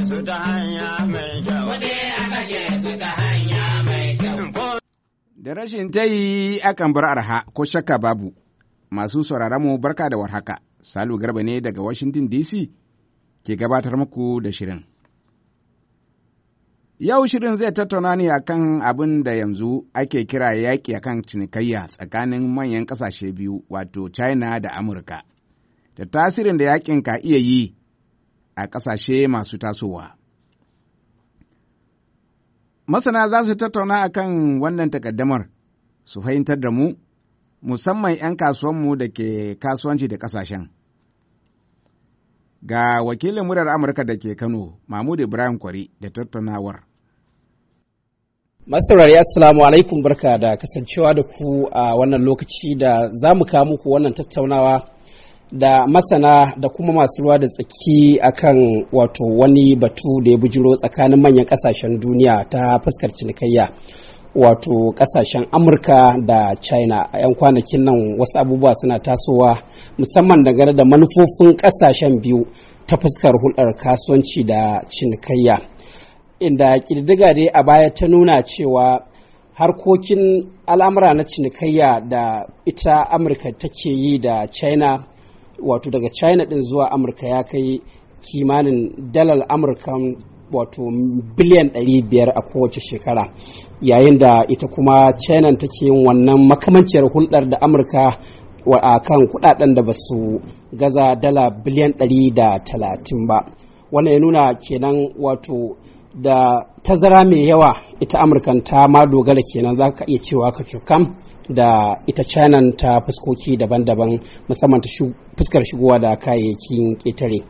su ta hanya Da rashin tayi akan bar arha ko shakka babu. Masu sauraron mu barka da warhaka. Salu Garba ne daga Washington DC ke gabatar muku da shirin. Yau shirin zai tattauna ne akan abin da yanzu ake kira yaƙi akan cinikayya tsakanin manyan ƙasashe biyu wato China da Amurka. Da tasirin da yaƙin ka iya yi a ƙasashe masu tasowa. Masana za su tattauna a kan wannan takaddamar su fahimtar da mu, musamman ‘yan kasuwanmu da ke kasuwanci da ƙasashen. Ga wakilin murar Amurka da ke Kano, Mahmud Ibrahim Kwari da tattaunawar. Masaurari Assalamu alaikum barka da kasancewa da ku a wannan lokaci da za mu kawo muku wannan tattaunawa da masana da kuma masu ruwa da tsaki akan wato wani batu da ya bujiro tsakanin manyan kasashen duniya ta fuskar cinikayya wato kasashen amurka da china a 'yan kwanakin nan wasu abubuwa suna tasowa musamman dangane da manufofin kasashen biyu ta fuskar hulɗar kasuwanci da cinikayya inda ƙididdiga dai a baya ta nuna cewa harkokin al'amura na cinikayya da ita amurka take yi da china wato daga china din zuwa amurka ya kai kimanin dalar amurka wato biliyan 500 a kowace shekara yayin da ita kuma china take yin wannan makamanciyar hulɗar da amurka a kan kudaden da ba su gaza dala biliyan 130 ba wannan ya nuna kenan wato da tazara mai yawa ita amurkan ta ma dogara kenan za ka iya cewa ka cukam da ita china ta fuskoki daban-daban musamman ta fuskar shigowa da kayayyakin ƙetare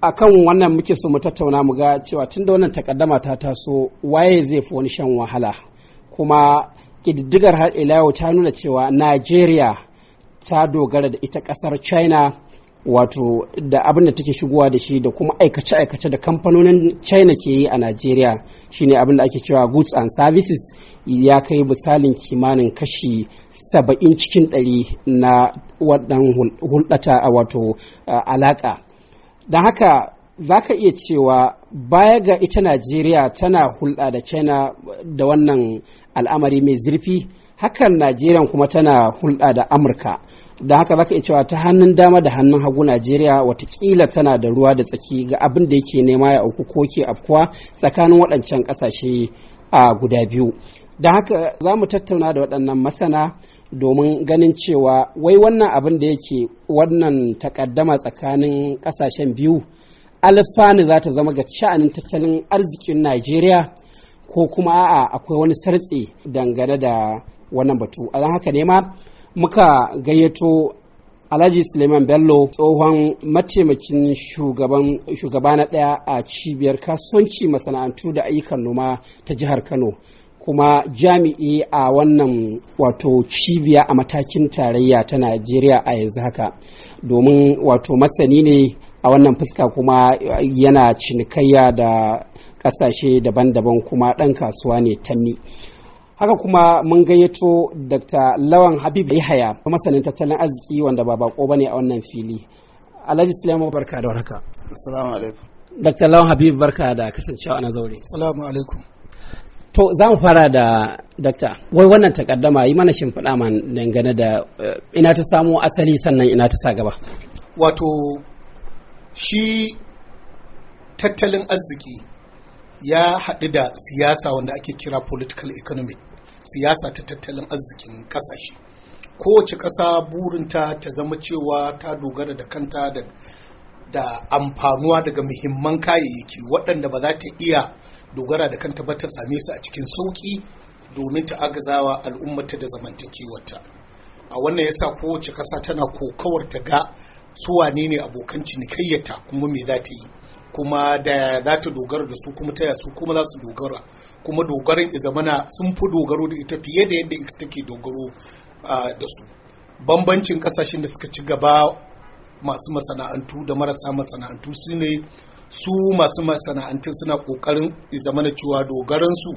A kan wannan muke so mu tattauna mu ga cewa tun da wannan takaddama ta taso waye zai fi wani shan wahala kuma ƙididdigar har ila ta nuna cewa najeriya ta dogara da ita ƙasar china wato da abin da take shigowa da shi da kuma aikace-aikace da kamfanonin china ke yi a najeriya shine abin da ake cewa goods and services ya kai misalin kimanin kashi saba'in cikin ɗari na waɗannan hulɗata a wato alaƙa don haka za ka iya cewa baya ga ita najeriya tana hulɗa da china da wannan al'amari mai zurfi hakan najeriya kuma tana hulɗa da amurka da haka zaka cewa ta hannun dama da hannun hagu najeriya watakila tana da ruwa da tsaki ga abin da yake nema ya auku ko ke afkuwa tsakanin waɗancan ƙasashe a guda biyu da haka za mu tattauna da waɗannan masana domin ganin cewa wai wannan abin da yake wannan takaddama tsakanin ƙasashen biyu alfani za ta zama ga sha'anin tattalin arzikin najeriya ko kuma a'a akwai wani sartse dangane da wannan batu a haka ne ma muka gayyato alhaji suleiman bello tsohon mataimakin shugaba na ɗaya a cibiyar kasuwanci masana'antu da ayyukan noma ta jihar kano kuma jami'i a wannan wato cibiya a matakin tarayya ta najeriya a yanzu haka domin wato masani ne a wannan fuska kuma yana cinikayya da ƙasashe daban-daban kuma ɗan kasuwa ne tanni haka kuma mun gayyato dr lawan habib yahaya masanin tattalin arziki wanda ba bako bane a wannan fili alhaji sulaiman barka da warhaka assalamu alaikum dr lawan habib barka da kasancewa na zaure assalamu alaikum to za mu fara da dokta. wai wannan takaddama yi mana shimfiɗa ma dangane da eh, ina ta samo asali sannan ina ta sa gaba wato shi tattalin arziki ya haɗu da siyasa wanda ake kira political economy siyasa ta tattalin arzikin ƙasashe kowace ƙasa burinta ta zama cewa ta dogara da kanta da amfanuwa daga muhimman kayayyaki waɗanda ba za ta iya dogara da kanta ba ta same su a cikin sauƙi domin ta agazawa al'ummata da zamantakewarta a wannan yasa kowace ƙasa tana kokawar ta ga suwa ne abokan cinikayyata kuma me za ta yi kuma da za ta dogara da su kuma ta su kuma za su dogara kuma dogarin izamana sun fi dogaro da ita fiye da yadda ita take dogaro da su bambancin kasashen da suka ci gaba masu masana'antu da marasa masana'antu su ne su masu masana'antu suna kokarin zamana cewa dogaransu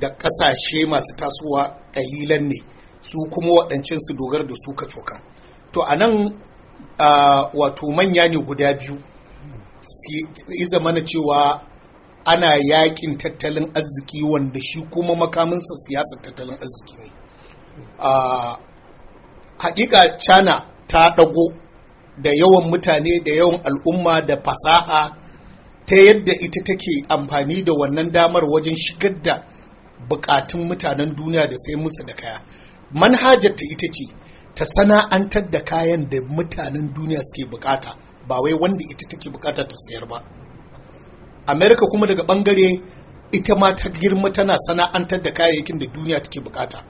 da kasashe masu tasowa kalilan ne su kuma waɗancan su dogar da su ka coka to a nan wato manya ne guda biyu izamana cewa ana yakin tattalin arziki wanda shi kuma makaminsa siyasar tattalin arziki ne a hakika china ta dago da yawan mutane da yawan al'umma da fasaha ta yadda ita take amfani da wannan damar wajen shigar da bukatun mutanen duniya da sai musu da kaya manhajarta ita ce ta sana'antar da kayan da mutanen duniya suke bukata ba wai wanda ita take bukata ta sayar ba america kuma daga bangare ita ma ta girma tana sana'antar da kayayyakin da duniya take bukata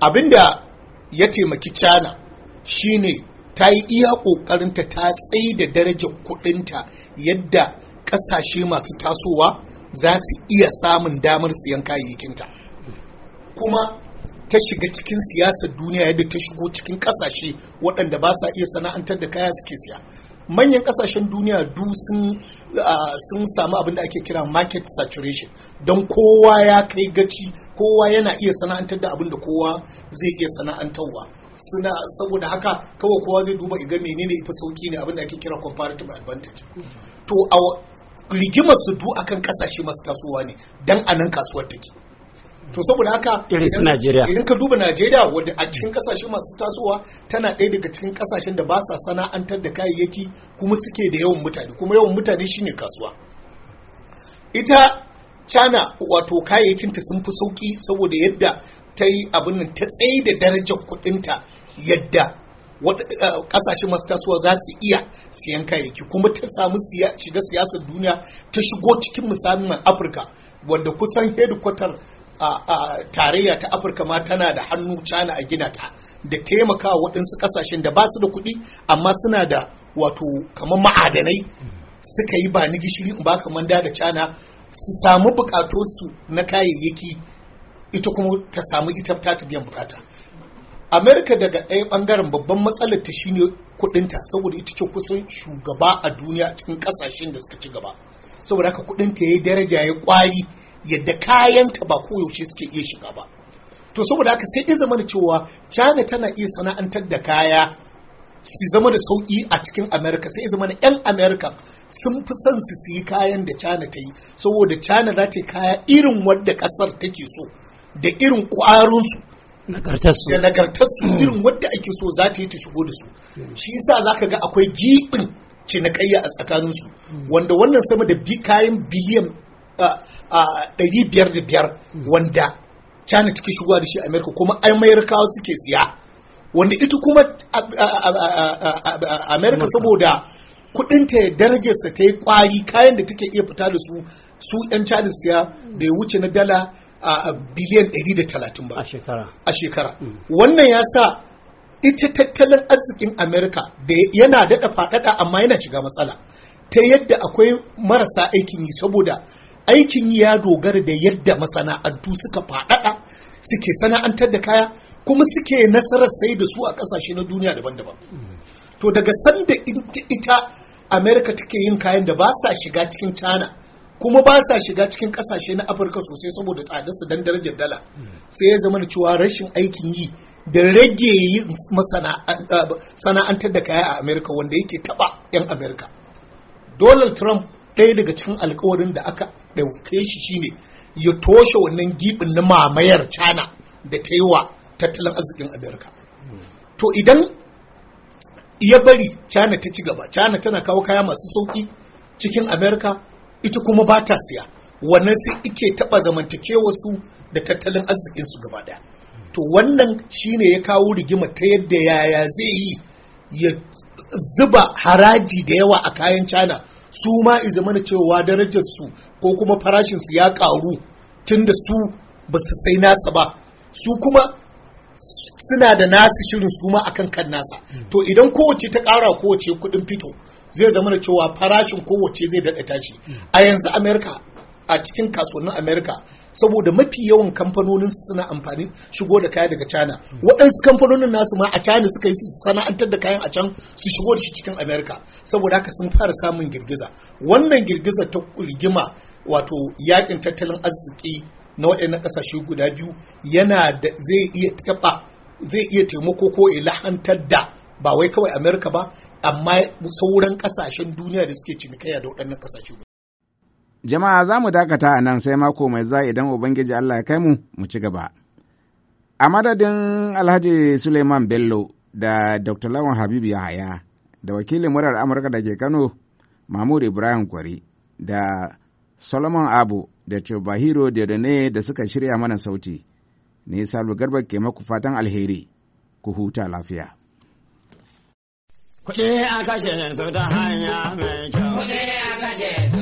abinda ya taimaki china shine ta yi iya ƙoƙarinta ta tsaye da darajar kuɗinta yadda ƙasashe masu tasowa za su iya samun damar siyan kayayyakinta kuma ta shiga cikin siyasar duniya yadda ta shigo cikin ƙasashe waɗanda ba sa iya sana'antar da kaya suke siya manyan kasashen duniya du sun samu abin da ake kira market saturation don kowa ya kai gaci kowa yana iya sana'antar da abin da kowa zai iya sana'antarwa suna saboda haka kawai kowa zai duba iga menene ifa sauki ne abin da ake kira comparative advantage to a rigimar su du akan kasashe masu tasowa ne dan nan kasuwar take to saboda haka irin Najeriya idan ka duba Najeriya wadda a cikin kasashe masu tasowa tana ɗaya daga cikin kasashen da ba sa sana'antar da kayayyaki kuma suke da yawan mutane kuma yawan mutane shine kasuwa ita cana wato kayayyakinta sun fi sauki saboda yadda ta yi abin nan ta tsaye da darajar kuɗinta yadda kasashe eh, masu tasowa za su iya siyan kayayyaki kuma ta samu shiga siyasar duniya ta shigo cikin musamman afirka wanda kusan hedikwatar tarayya ta afirka ma tana da hannu cana a gina ta da taimakawa waɗansu ƙasashen da ba su da kuɗi amma suna da wato kamar ma'adanai suka yi ba ni gishiri in ba kamar da da cana su samu buƙatunsu na kayayyaki ita kuma ta samu ita ta biyan bukata amerika daga ɗaya ɓangaren babban matsalar ta shine kuɗinta saboda ita ce kusan shugaba a duniya cikin ƙasashen da suka ci gaba saboda haka kudinta ya yi daraja ya kwari yadda kayanta ba koyaushe suke iya shiga ba to saboda haka sai ya zama cewa china tana iya sana'antar da kaya su zama da sauƙi a cikin america sai ya zama 'yan america sun fi son su siyi kayan da china ta yi saboda china za ta yi kaya irin wadda ƙasar take so da irin ƙwarinsu da nagartarsu irin wadda ake so za ta yi ta shigo da su shi yasa za ka ga akwai giɓin cinikayya a tsakaninsu mm. wanda wannan sama da kayan biliyan biyar wanda china take shigowa da shi america kuma amerikawa suke siya wanda ita kuma america saboda kudin ta darajarsa ta yi kwari kayan da take iya fita da su su 'yan china siya da ya wuce na dala a biliyan 130 ba a shekara mm. wannan ya sa ita tattalin arzikin amerika da yana daɗa faɗaɗa amma yana shiga matsala ta yadda akwai marasa aikin yi saboda aikin ya dogara da yadda masana'antu suka faɗaɗa suke sana'antar da kaya kuma suke nasarar sai da su a ƙasashe na duniya daban-daban to daga sanda ita amerika take yin kayan da ba sa shiga cikin china kuma ba sa shiga cikin ƙasashe na afirka sosai saboda tsadarsa don darajar dala sai ya zama cewa rashin aikin yi da rage yin sana'antar da kaya a amerika wanda yake taɓa 'yan amerika donald trump ɗaya daga cikin alkawarin da aka ɗauke shi shine ya toshe wannan gibin na mamayar cana da ta yi wa tattalin arzikin amerika to idan ya bari cana ta ci gaba cana tana kawo kaya masu sauƙi cikin amerika ita kuma ba ta siya wannan sai ike taɓa zamantakewarsu da tattalin arzikinsu gaba daya to wannan shine ya kawo rigima ta yadda yaya zai yi ya zuba haraji da yawa a kayan cana su ma izamana cewa darajar su ko kuma farashin su ya karu tunda su ba su sai nasa ba su kuma suna da nasu shirin su ma akan kan nasa to idan kowace ta kara kowace kudin fito zai zama da cewa farashin kowace zai daɗa tashi a yanzu amerika a cikin kasuwannin america saboda mafi yawan kamfanonin suna amfani shigo da kaya daga china waɗansu kamfanonin nasu ma a china suka yi su sana'antar da kayan a can su shigo da shi cikin america saboda haka sun fara samun girgiza wannan girgiza ta rigima wato yakin tattalin arziki na waɗannan ƙasashe guda biyu yana da zai iya taɓa zai iya taimako ko ya lahantar da ba wai kawai amerika ba amma sauran ƙasashen duniya da suke cinikayya da waɗannan ƙasashe Jama'a za mu dakata a nan sai mako mai za idan Ubangiji Allah ya kai mu mu ci gaba. A madadin Alhaji Suleiman Bello da Dr. Lawan Habibu Yahaya da wakilin murar Amurka da ke Kano Mahmud Ibrahim Kwari da Solomon Abu da Chobahiro Dedone da suka shirya mana sauti. Ni Salu Garba ke maku fatan alheri, ku huta lafiya. Kuɗi a kashe su ta hanya mai kyau. a kashe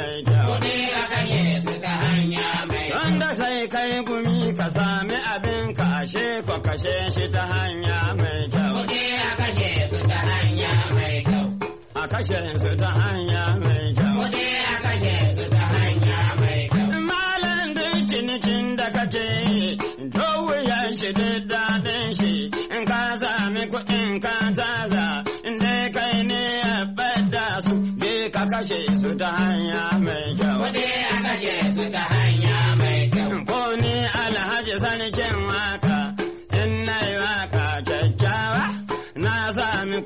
kashe ku kashe shi ta hanya mai kyau. Kuɗi a kashe su ta hanya mai kyau. A kashe su ta hanya mai kyau. Kuɗi a kashe su ta hanya mai kyau. Malam duk cinikin da kake dowuya shi duk daɗin shi in ka sami kuɗin ka tara in dai kai ne ya bada su je ka kashe su ta hanya mai kyau. Kuɗi a kashe su ta hanya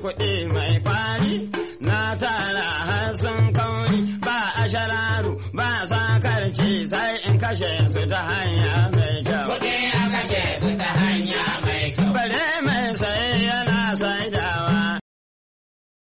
kuɗi mai kwari na tara har sun kauri ba a shararu ba sakarci sai in kashe su ta hanyar.